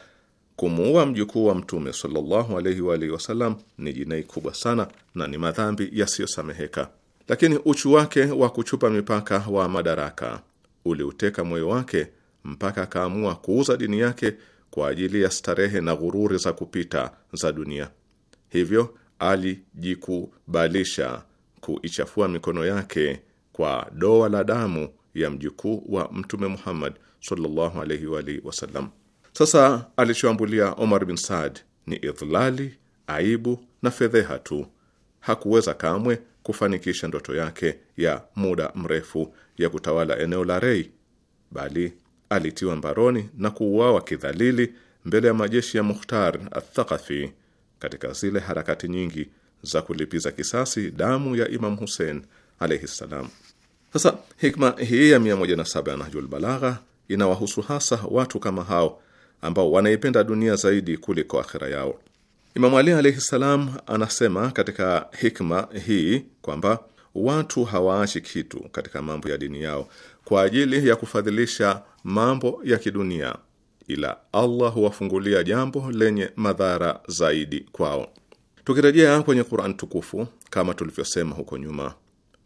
kumuua mjukuu wa Mtume sallallahu alaihi wa alihi wasallam ni jinai kubwa sana na ni madhambi yasiyosameheka, lakini uchu wake wa kuchupa mipaka wa madaraka uliuteka moyo wake mpaka akaamua kuuza dini yake kwa ajili ya starehe na ghururi za kupita za dunia. Hivyo alijikubalisha kuichafua mikono yake kwa doa la damu ya mjukuu wa Mtume Muhammad sallallahu alaihi wa alihi wasallam. Sasa alichoambulia Omar bin Saad ni idhlali, aibu na fedheha tu. Hakuweza kamwe kufanikisha ndoto yake ya muda mrefu ya kutawala eneo la Rei, bali alitiwa mbaroni na kuuawa kidhalili mbele ya majeshi ya Mukhtar athaqafi katika zile harakati nyingi za kulipiza kisasi damu ya Imam Hussein alaihi ssalam. Sasa hikma hii ya 107 ya Nahjul Balagha inawahusu hasa watu kama hao ambao wanaipenda dunia zaidi kuliko akhira yao. Imamu Ali alaihi ssalam anasema katika hikma hii kwamba watu hawaachi kitu katika mambo ya dini yao kwa ajili ya kufadhilisha mambo ya kidunia, ila Allah huwafungulia jambo lenye madhara zaidi kwao. Tukirejea kwenye Qur'an tukufu, kama tulivyosema huko nyuma,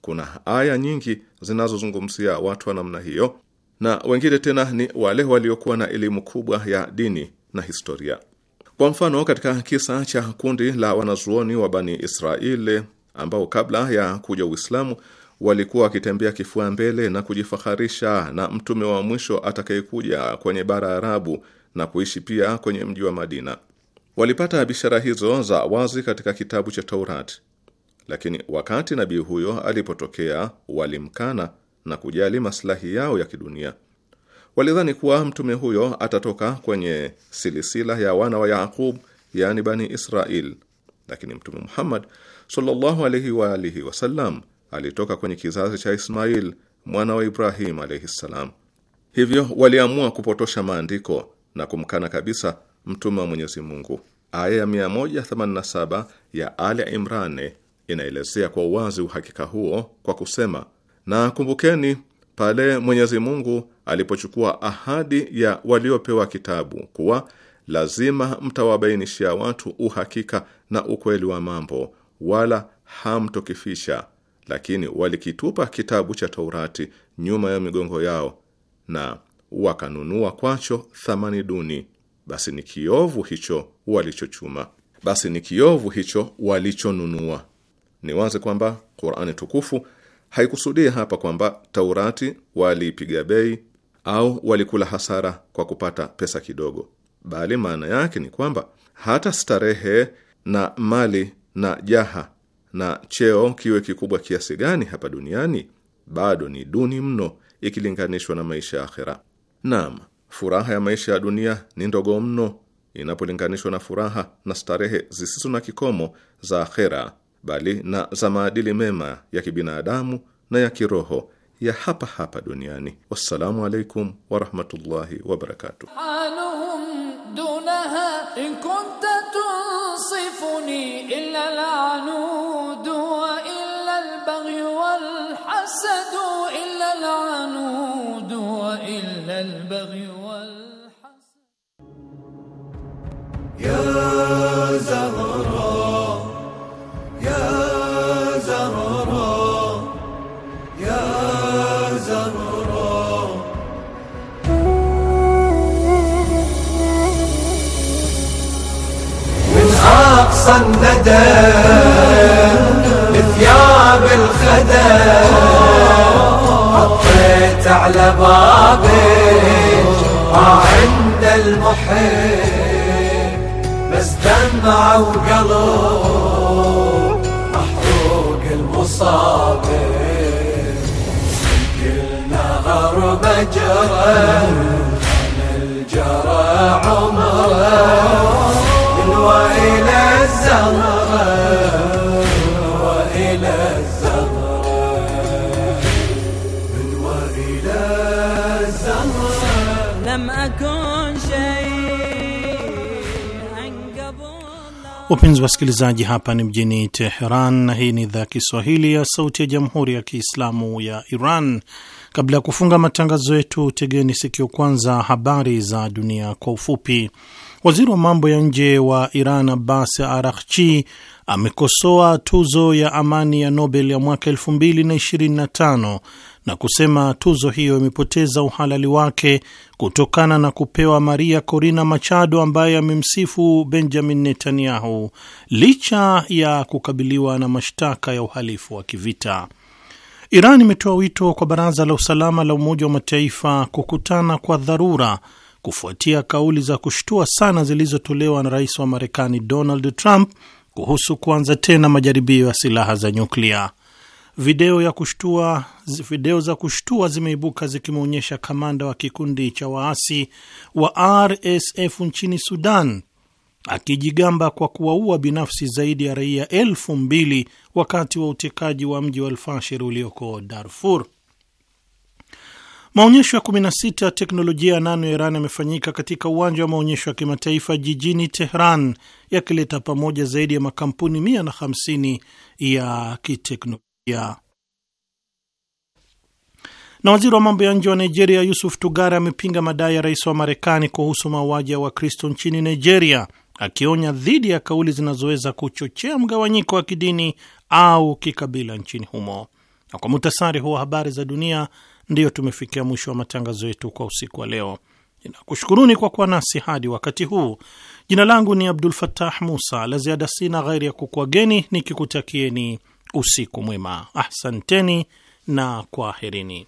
kuna aya nyingi zinazozungumzia watu wa namna hiyo, na wengine tena ni wale waliokuwa na elimu kubwa ya dini na historia. Kwa mfano, katika kisa cha kundi la wanazuoni wa Bani Israeli ambao kabla ya kuja Uislamu walikuwa wakitembea kifua mbele na kujifaharisha na mtume wa mwisho atakayekuja kwenye bara Arabu na kuishi pia kwenye mji wa Madina. Walipata bishara hizo za wazi katika kitabu cha Taurati, lakini wakati nabii huyo alipotokea walimkana na kujali maslahi yao ya kidunia. Walidhani kuwa mtume huyo atatoka kwenye silisila ya wana wa Yaqub, yani Bani Israil, lakini Mtume Muhammad sallallahu alaihi wa alihi wasallam alitoka kwenye kizazi cha Ismail mwana wa Ibrahim alaihi ssalam. Hivyo waliamua kupotosha maandiko na kumkana kabisa mtume wa Mwenyezi Mungu. Aya ya 187 ya Ali Imran inaelezea kwa uwazi uhakika huo kwa kusema, na kumbukeni pale Mwenyezi Mungu alipochukua ahadi ya waliopewa kitabu kuwa lazima mtawabainishia watu uhakika na ukweli wa mambo wala hamtokifisha, lakini walikitupa kitabu cha Taurati nyuma ya migongo yao na wakanunua kwacho thamani duni. Basi ni kiovu hicho walichochuma, basi ni kiovu hicho walichonunua. Ni wazi kwamba Qur'ani tukufu haikusudia hapa kwamba Taurati waliipiga bei au walikula hasara kwa kupata pesa kidogo, bali maana yake ni kwamba hata starehe na mali na jaha na cheo kiwe kikubwa kiasi gani hapa duniani, bado ni duni mno ikilinganishwa na maisha ya akhera. Naam, furaha ya maisha ya dunia ni ndogo mno inapolinganishwa na furaha na starehe zisizo na kikomo za akhera, bali na za maadili mema ya kibinadamu na ya kiroho ya hapa hapa duniani. Wassalamu alaikum warahmatullahi wabarakatuh. البغي والحسد يا زهراء يا زهراء يا زهراء من أقصى الندى لثياب الخدم وقفت على بابك ما عند المحب بس دمع وقلب محروق المصاب كلنا غرب جرى الجرى عمره من وين الزهره Wapenzi wasikilizaji, hapa ni mjini Teheran na hii ni idhaa Kiswahili ya Sauti ya Jamhuri ya Kiislamu ya Iran. Kabla ya kufunga matangazo yetu, tegeni sikio kwanza habari za dunia kwa ufupi. Waziri wa mambo ya nje wa Iran Abbas arakchi amekosoa tuzo ya amani ya Nobel ya mwaka 2025 na kusema tuzo hiyo imepoteza uhalali wake kutokana na kupewa Maria Corina Machado ambaye amemsifu Benjamin Netanyahu licha ya kukabiliwa na mashtaka ya uhalifu wa kivita. Iran imetoa wito kwa Baraza la Usalama la Umoja wa Mataifa kukutana kwa dharura kufuatia kauli za kushtua sana zilizotolewa na rais wa Marekani Donald Trump kuhusu kuanza tena majaribio ya silaha za nyuklia. Video ya kushtua, video za kushtua zimeibuka zikimwonyesha kamanda wa kikundi cha waasi wa RSF nchini Sudan akijigamba kwa kuwaua binafsi zaidi ya raia elfu mbili wakati wa utekaji wa mji wa Alfashir ulioko Darfur. Maonyesho ya 16 ya teknolojia ya nano ya Iran yamefanyika katika uwanja wa maonyesho ya kimataifa jijini Tehran, yakileta pamoja zaidi ya makampuni 150 ya kiteknolojia. Yeah. Na waziri wa mambo ya nje wa Nigeria Yusuf Tugara amepinga madai ya rais wa Marekani kuhusu mauaji ya Wakristo nchini Nigeria, akionya dhidi ya kauli zinazoweza kuchochea mgawanyiko wa kidini au kikabila nchini humo. Na kwa muhtasari huwa habari za dunia, ndiyo tumefikia mwisho wa matangazo yetu kwa usiku wa leo. Ninakushukuruni kwa kuwa nasi hadi wakati huu. Jina langu ni Abdul fatah Musa. La ziada sina, ghairi ya kukuageni nikikutakieni Usiku mwema, asanteni na kwaherini.